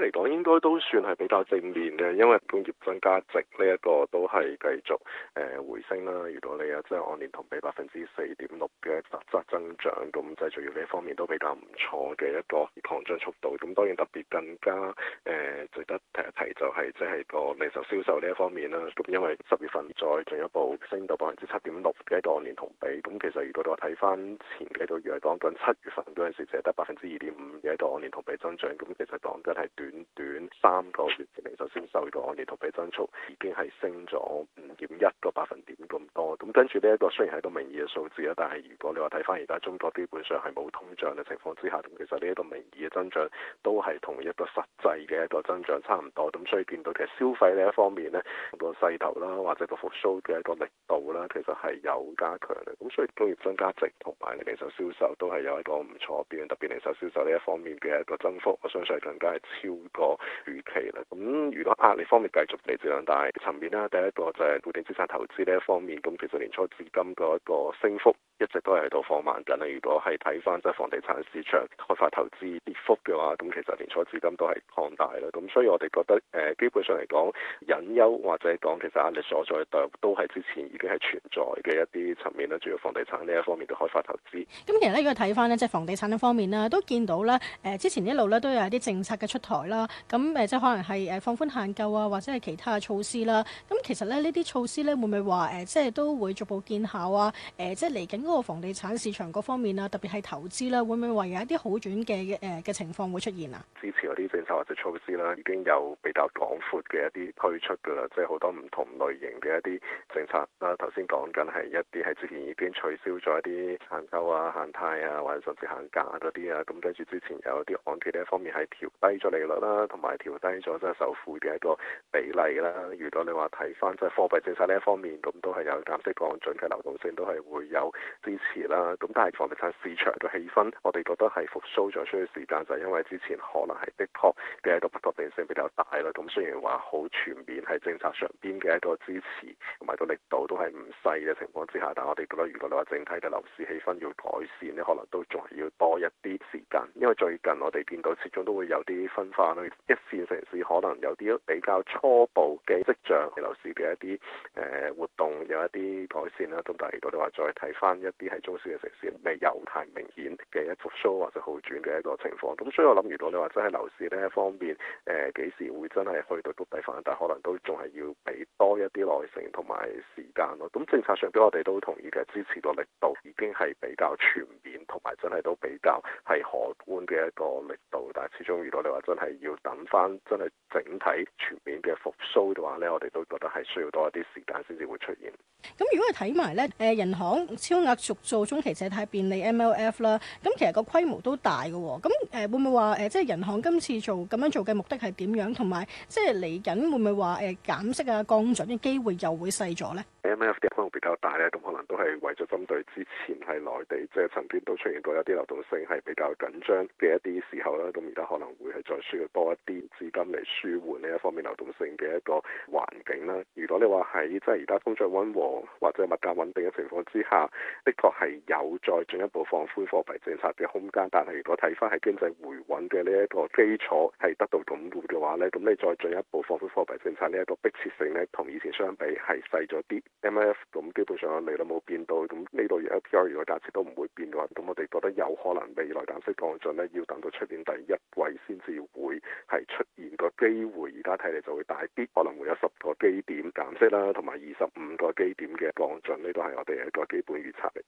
嚟講應該都算係比較正面嘅，因為工業增加值呢一個都係繼續誒回升啦。如果你有即係按年同比百分之四點六嘅實質增長，咁製造業呢方面都比較唔錯嘅一個擴張速度。咁當然特別更加誒、呃、值得提一提就係即係個零售銷售呢一方面啦。咁因為十月份再進一步升到百分之七點六嘅按年同比，咁其實如果你話睇翻前幾個月嚟講，緊七月份嗰陣時就係得百分之二點五嘅按年同比增長，咁其實講緊係短短三個月零售銷售個按年同比增速已經係升咗五點一個百分點咁多，咁跟住呢一個雖然係一個名義嘅數字啦，但係如果你話睇翻而家中國基本上係冇通脹嘅情況之下，其實呢一個名義嘅增長都係同一個實際嘅一個增長差唔多，咁所以見到其實消費呢一方面呢，個勢頭啦，或者個復蘇嘅一個力度啦，其實係有加強嘅，咁所以工業增加值同埋零售銷售,銷售都係有一個唔錯表現，別特別零售銷售呢一方面嘅一個增幅，我相信係更加係個預期啦，咁如果壓力方面繼續嚟自兩大層面啦，第一個就係固定資產投資呢一方面，咁其實年初至今嗰個升幅一直都係喺度放慢緊啦。如果係睇翻即係房地產市場開發投資跌幅嘅話，咁其實年初至今都係擴大啦。咁所以我哋覺得誒，基本上嚟講，隱憂或者講其實壓力所在度都係之前已經係存在嘅一啲層面啦，主要房地產呢一方面嘅開發投資。咁其實呢如果睇翻呢即係房地產呢方面啦，都見到啦。誒之前一路呢都有啲政策嘅出台。啦咁誒，即係可能係誒放寬限購啊，或者係其他嘅措施啦。咁其實咧，呢啲措施咧，會唔會話誒，即係都會逐步見效啊？誒，即係嚟緊嗰個房地產市場嗰方面啊，特別係投資啦，會唔會話有一啲好轉嘅誒嘅情況會出現啊？支持嗰啲政策或者措施啦，已經有比較廣闊嘅一啲推出噶啦，即係好多唔同類型嘅一啲政策啦。頭先講緊係一啲係之前已經取消咗一啲限購啊、限貸啊，或者甚至限價嗰啲啊。咁跟住之前有啲按揭呢一方面係調低咗你率啦，同埋調低咗即係首付嘅一個比例啦。如果你話睇翻即係貨幣政策呢一方面，咁都係有減息降準嘅流動性都係會有支持啦。咁但係房地產市場嘅氣氛，我哋覺得係復甦咗需要時間，就係因為之前可能係的確嘅一個不確定性比較大啦。咁雖然話好全面係政策上邊嘅一個支持同埋個力度都係唔細嘅情況之下，但係我哋覺得如果你話整體嘅樓市氣氛要改善咧，可能都仲係要多一啲時間，因為最近我哋見到始終都會有啲分。一線城市可能有啲比較初步嘅跡象，樓市嘅一啲誒、呃、活動有一啲改善啦。咁第如果你話再睇翻一啲係中小嘅城市，未有太明顯嘅一組 s 或者好轉嘅一個情況。咁所以我諗，如果你話真係樓市咧方面，誒、呃、幾時會真係去到谷底翻，但係可能都仲係要俾多一啲耐性同埋時間咯。咁政策上邊我哋都同意嘅，支持嘅力度已經係比較全面，同埋真係都比較係可觀嘅一個力但係始終、嗯，如果你話真係要等翻，真係整體全面嘅復甦嘅話咧，我哋都覺得係需要多一啲時間先至會出現。咁如果你睇埋咧，誒銀行超額續做中期借貸便利 MLF 啦，咁、嗯、其實個規模都大嘅喎、哦。咁、嗯、誒、呃、會唔會話誒，即係銀行今次做咁樣做嘅目的係點樣？同埋即係嚟緊會唔會話誒減息啊降準嘅機會又會細咗咧？M F D 規模可能比較大咧，咁可能都係為咗針對之前係內地即係曾經都出現過一啲流動性係比較緊張嘅一啲時候啦，咁而家可能會係再需要多一啲資金嚟舒緩呢一方面流動性嘅一個環境啦。如果你話喺即係而家通脹溫和或者物價穩定嘅情況之下，的確係有再進一步放寬貨幣政策嘅空間。但係如果睇翻係經濟回穩嘅呢一個基礎係得到鞏固。咁你再進一步放寬貨幣政策呢一個迫切性呢，同以前相比係細咗啲。M F 咁基本上利率冇變到，咁呢度與 L P R 如果價值都唔會變嘅話，咁我哋覺得有可能未來減息降準呢，要等到出年第一季先至會係出現個機會。而家睇嚟就會大啲，可能會有十個基點減息啦，同埋二十五個基點嘅降準，呢都係我哋一個基本預測嚟。